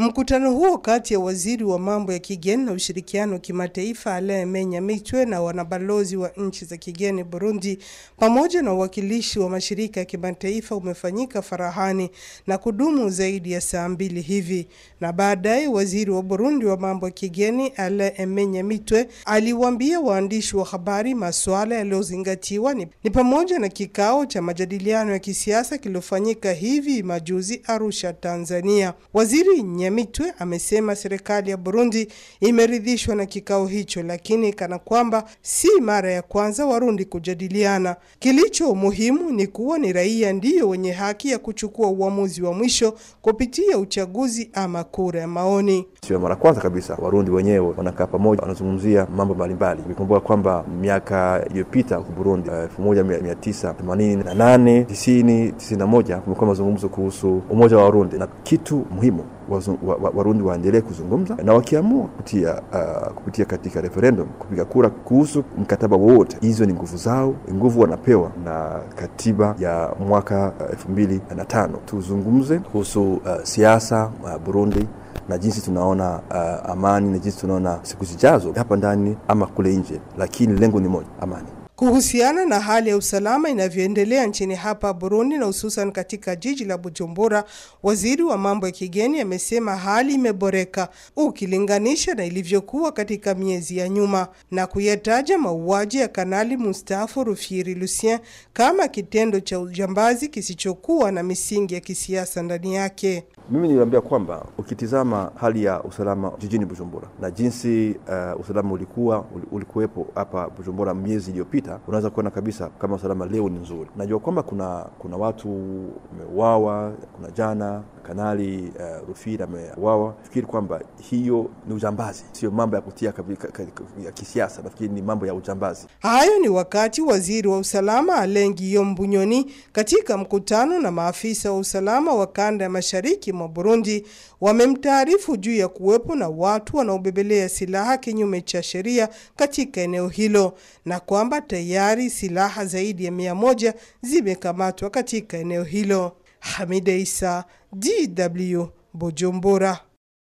Mkutano huo kati ya waziri wa mambo ya kigeni na ushirikiano wa kimataifa Alain Menya Mitwe na wanabalozi wa nchi za kigeni Burundi pamoja na uwakilishi wa mashirika ya kimataifa umefanyika Farahani na kudumu zaidi ya saa mbili hivi, na baadaye waziri wa Burundi wa mambo ya kigeni Alain Menya Mitwe aliwaambia waandishi wa habari masuala yaliyozingatiwa ni, ni pamoja na kikao cha majadiliano ya kisiasa kililofanyika hivi majuzi Arusha, Tanzania. Waziri nye Nyamitwe amesema serikali ya Burundi imeridhishwa na kikao hicho, lakini kana kwamba si mara ya kwanza Warundi kujadiliana. Kilicho muhimu ni kuwa ni raia ndiyo wenye haki ya kuchukua uamuzi wa mwisho kupitia uchaguzi ama kura ya maoni. Sio mara kwanza kabisa Warundi wenyewe wanakaa pamoja, wanazungumzia mambo mbalimbali. Nikumbuka kwamba miaka iliyopita huko Burundi eh, elfu moja mia tisa themanini na nane tisini tisini na moja kumekuwa mazungumzo kuhusu umoja wa Warundi na kitu muhimu Warundi waendelee kuzungumza na wakiamua kupitia, uh, kupitia katika referendum kupiga kura kuhusu mkataba wowote. Hizo ni nguvu zao, nguvu wanapewa na katiba ya mwaka ah, elfu mbili na tano. Tuzungumze kuhusu uh, siasa uh, Burundi na jinsi tunaona uh, amani na jinsi tunaona siku zijazo hapa ndani ama kule nje, lakini lengo ni moja, amani. Kuhusiana na hali ya usalama inavyoendelea nchini hapa Burundi na hususan katika jiji la Bujumbura, waziri wa mambo ya kigeni amesema hali imeboreka ukilinganisha na ilivyokuwa katika miezi ya nyuma, na kuyataja mauaji ya kanali mustafa Rufyiri Lucien kama kitendo cha ujambazi kisichokuwa na misingi ya kisiasa ndani yake. Mimi niliambia kwamba ukitizama hali ya usalama jijini Bujumbura na jinsi uh, usalama ulikuwa ulikuwepo hapa Bujumbura miezi iliyopita, unaweza kuona kabisa kama usalama leo ni nzuri. Najua kwamba kuna kuna watu wameuawa, kuna jana Kanali uh, Rufira ameuawa. Fikiri kwamba hiyo ni ujambazi, sio mambo ya kutia ya kisiasa. Nafikiri ni mambo ya ujambazi. Hayo ni wakati waziri wa usalama Alengi Yombunyoni katika mkutano na maafisa wa usalama wa kanda ya mashariki mwa Burundi wamemtaarifu juu ya kuwepo na watu wanaobebelea silaha kinyume cha sheria katika eneo hilo na kwamba tayari silaha zaidi ya mia moja zimekamatwa katika eneo hilo. Hamida Isa, DW, Bujumbura.